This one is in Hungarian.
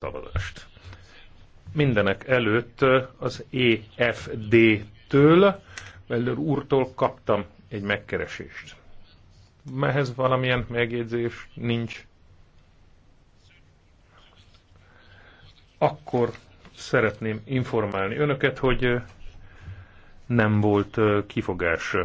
szavazást. Mindenek előtt az EFD-től, Veller úrtól kaptam egy megkeresést. Mehez valamilyen megjegyzés nincs. Akkor szeretném informálni önöket, hogy nem volt kifogás